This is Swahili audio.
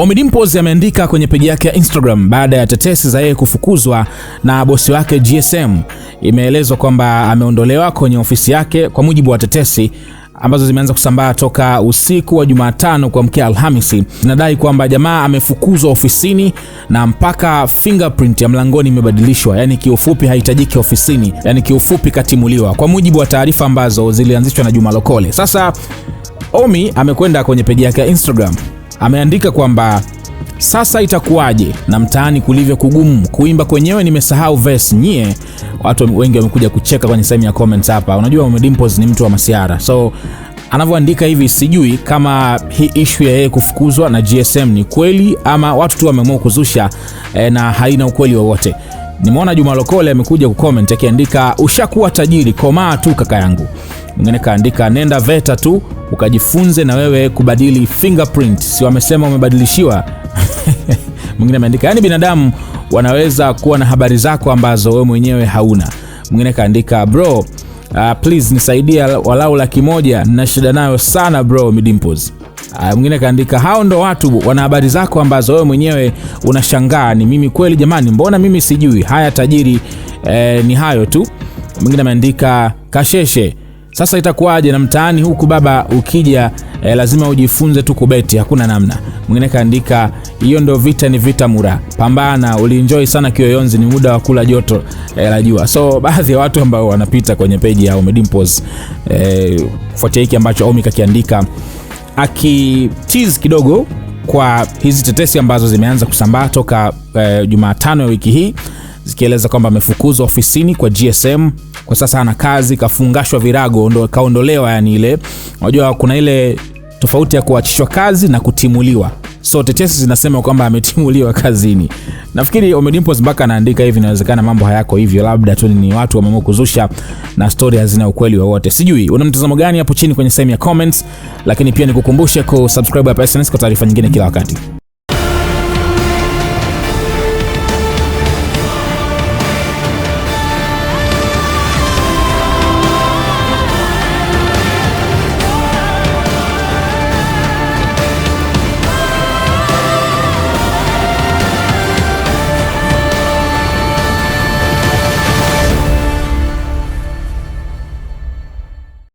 Ommy Dimpoz ameandika kwenye peji yake ya Instagram baada ya tetesi za yeye kufukuzwa na bosi wake GSM. Imeelezwa kwamba ameondolewa kwenye ofisi yake kwa mujibu wa tetesi ambazo zimeanza kusambaa toka usiku wa Jumatano kuamkia Alhamisi. Zinadai kwamba jamaa amefukuzwa ofisini na mpaka fingerprint ya mlangoni imebadilishwa, yani kiufupi hahitajiki ofisini, yani kiufupi katimuliwa, kwa mujibu wa taarifa ambazo zilianzishwa na Juma Lokole. Sasa Ommy amekwenda kwenye peji yake ya Instagram ameandika kwamba sasa itakuwaje na mtaani kulivyo kugumu, kuimba kwenyewe nimesahau verse. Nyie watu wengi wamekuja kucheka kwenye sehemu ya comments hapa. Unajua Ommy ni mtu wa masiara, so anavyoandika hivi, sijui kama hii ishu ya yeye kufukuzwa na GSM ni kweli ama watu tu wameamua kuzusha e, na haina ukweli wowote. Nimeona Juma Lokole amekuja kucomment akiandika, ushakuwa tajiri, komaa tu kaka yangu mwingine kaandika nenda VETA tu ukajifunze na wewe kubadili fingerprint, si wamesema umebadilishiwa? Mwingine ameandika yaani binadamu wanaweza kuwa na habari zako ambazo wewe mwenyewe hauna. Mwingine kaandika bro, uh, please nisaidia walau laki moja, nina shida nayo sana bro Midimples. Uh, mwingine kaandika hao ndo watu wana habari zako ambazo wewe mwenyewe unashangaa, ni mimi kweli jamani, mbona mimi sijui haya tajiri? Eh, ni hayo tu. Mwingine ameandika kasheshe sasa itakuwaje na mtaani huku baba, ukija eh, lazima ujifunze tu kubeti, hakuna namna mwingine. Kaandika hiyo ndio vita, ni vita mura, pambana. Ulienjoy sana Kioyonzi, ni muda wa kula joto eh, la jua. So baadhi ya watu ambao wanapita kwenye peji ya Omedimpos eh, kufuatia hiki ambacho Omi kakiandika, akichizi kidogo kwa hizi tetesi ambazo zimeanza kusambaa toka eh, Jumatano ya wiki hii akieleza kwamba amefukuzwa ofisini kwa GSM, kwa sasa ana kazi, kafungashwa virago, ndo kaondolewa. Yani ile unajua kuna ile tofauti ya kuachishwa kazi na kutimuliwa. So tetesi zinasema kwamba ametimuliwa kazini. Nafikiri Ommy Dimpoz mpaka anaandika hivi, inawezekana mambo hayako hivyo, labda tu ni watu wameamua kuzusha na stori hazina ukweli wowote. Sijui una mtazamo gani hapo chini kwenye sehemu ya comments, lakini pia nikukumbushe kusubscribe hapa SnS kwa taarifa nyingine kila wakati.